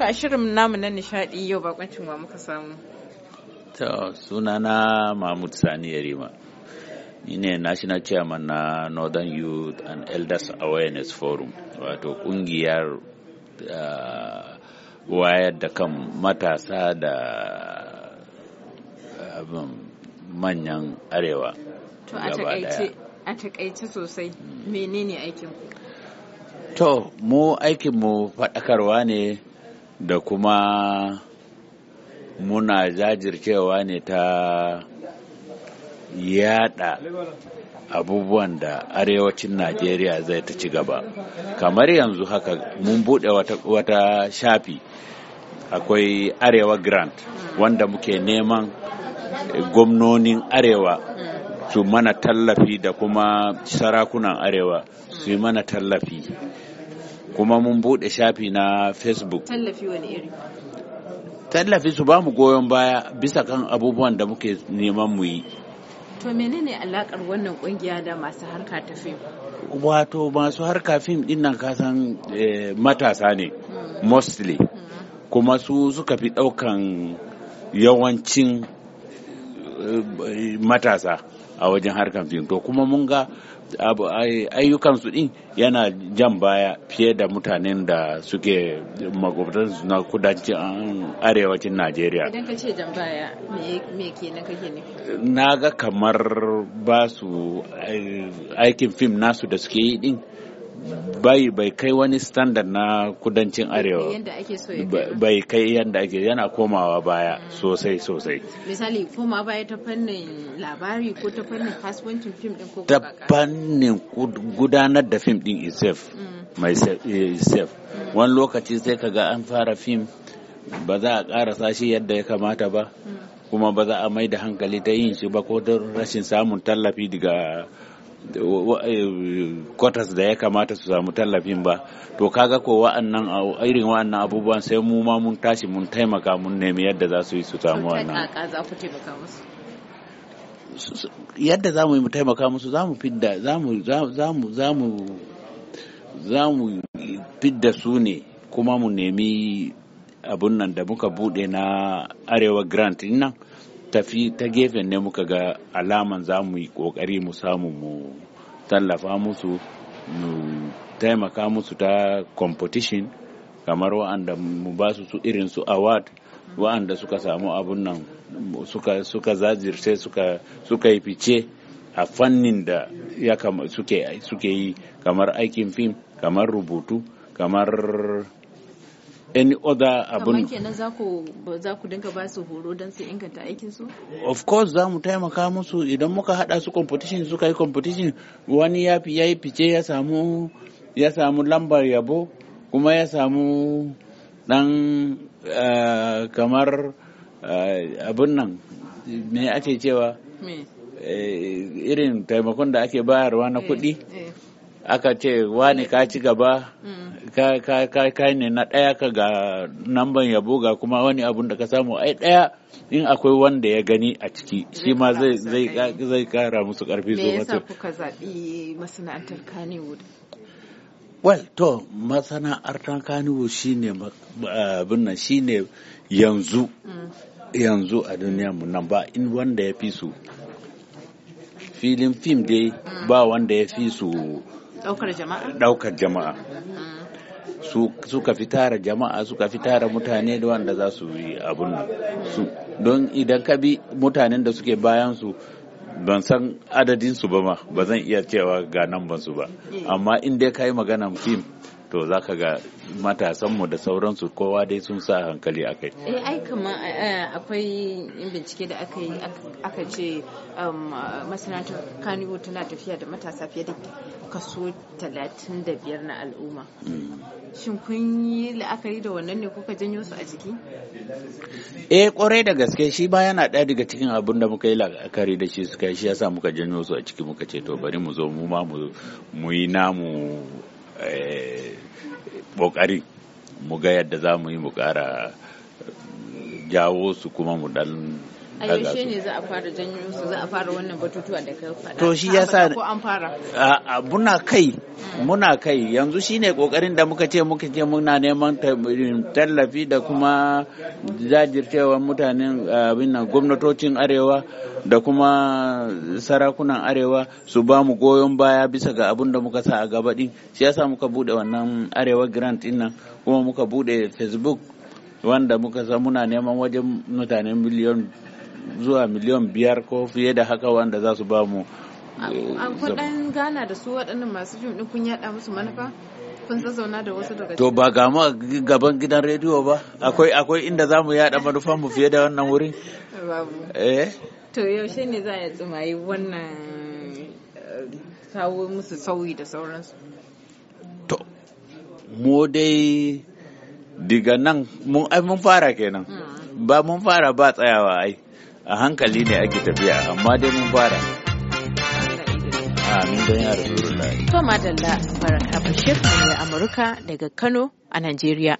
Ta shirin namu na nishadi yau bakuncin wa muka samu. Ta sunana Mahmud Sani Yarima. Ni ne National Chairman na Northern Youth and Elders Awareness Forum, wato kungiyar ah, wayar da kan matasa da manyan arewa. To a takaice sosai mm. menene aikin? To mu aikin mu faɗakarwa ne da kuma muna jajircewa ne ta yada abubuwan da arewacin najeriya zai ta ci gaba kamar yanzu haka mun bude wata, wata shafi akwai arewa grant wanda muke neman gwamnonin arewa su mana tallafi da kuma sarakunan arewa su yi mana tallafi kuma mun buɗe shafi na facebook tallafi wani iri tallafi su ba mu goyon baya bisa kan abubuwan da muke neman mu yi to menene alakar wannan kungiya da masu harka ta fim wato masu harka fim din nan kasan eh, matasa ne hmm. mostly hmm. kuma su suka fi ɗaukan yawancin eh, matasa a wajen harkan fim to kuma mun ga ayyukansu din yana jan baya fiye da mutanen da suke makwabtansu na kudancin ah, arewacin najeriya idan ka ce jan baya me kenan kake nufi na ga kamar ba su eh, aikin fim nasu da suke yi din bai bai kai wani standard na kudancin arewa bai kai yadda ake yana komawa baya mm. sosai sosai misali koma baya ta fannin labari ko ta fannin kasuwancin fim din ko ta fannin gudanar da fim din itself mm. mai itself mm. wani lokaci sai ka ga an fara fim ba za a ƙarasa shi yadda ya kamata ba kuma ba za a mai da hankali ta yin shi ba ko don rashin samun tallafi daga kwatas da ya kamata su samu tallafin ba to kaga ko wa'annan irin wa'annan abubuwan sai mu ma mun tashi mun taimaka mun nemi yadda za su yi su samu wannan yadda za mu yi mu taimaka musu za mu fidda su ne kuma mu nemi abun nan da muka bude na arewa grant nan tafi ta gefen ne muka ga alaman za mu yi kokari mu samu mu tallafa musu mu taimaka musu ta competition kamar wa'anda mu ba su irin su award wa'anda suka samu abun nan suka, zazirce suka, yi fice a fannin da ya suke yi kamar aikin fim kamar rubutu kamar any other abun kenan za ku za ku dinga ba su horo don su inganta aikin su of course za mu taimaka musu idan muka hada su competition suka yi competition wani ya fi yayi fice ya samu ya samu lambar yabo kuma ya samu dan eh, kamar abin eh, abun nan me ake cewa eh, irin taimakon da ake bayarwa na kuɗi aka ce wani ka ci gaba mm. kai ne na ɗaya ka ga namban yabo ga kuma wani abun da ka samu ai ɗaya in akwai wanda ya gani a ciki shi ma zai kara musu ƙarfi zo mata. kuka zaɓi masana'antar Kannywood? Well, to masana'antar Kannywood shi ne abin nan shi ne yanzu mm. yanzu a duniya mu nan ba in wanda ya fi su filin fim dai mm. ba wanda ya fi su ɗaukar jama'a daukar jama'a mm. suka fi tara jama'a suka fi tara mutane da wanda za su yi abin su don idan ka bi mutanen da suke bayan su ban san adadinsu su ba ma ba zan iya cewa ga nan ban su ba amma in dai ka yi maganan fim to za ka ga matasanmu da sauransu kowa dai sun sa hankali a kai. Eh ai kamar eh, akwai bincike da aka yi aka ce um, masana'antar kaniwo tana tafiya da matasa fiye da kaso 35 na al'umma. Mm. Shin kun yi la'akari da wannan ne kuka janyo su a jiki? Eh kwarai da gaske shi ba yana ɗaya daga cikin abin da muka yi la'akari da shi suka yi shi yasa muka janyo su a ciki muka ce to bari mu zo mu ma mu yi namu eh, ƙoƙari mu ga yadda za mu yi mu ƙara eh, jawo su kuma mu ɗan a yaushe ne za a fara janyo su za a fara wannan batutuwa da ka faɗa to shi yasa ko an fara muna kai muna kai yanzu shine kokarin da muka ce muka ce muna neman tallafi da kuma jajircewa mutanen abin nan gwamnatocin arewa da kuma sarakunan arewa su ba mu goyon baya bisa ga abin da muka sa a gaba din shi yasa muka bude wannan arewa grant din nan kuma muka bude facebook wanda muka sa muna neman wajen mutane miliyan zuwa miliyan biyar ko fiye da haka wanda za su ba mu eh, an kudan gana da su waɗannan masu fim kun yaɗa musu manufa kun zazzauna da wasu daga to ba ga mu gaban gidan rediyo ba akwai akwai inda za mu yaɗa manufan mu fiye da wannan wurin babu eh to yaushe ne za a tsumayi wannan eh, kawo musu sauyi da sauransu to mu dai diga nan mun mun fara kenan hmm. ba mun fara ba tsayawa ai a hankali ne ake tafiya amma dai mun fara amin don yara to madalla baraka bashir ne amurka daga kano a najeriya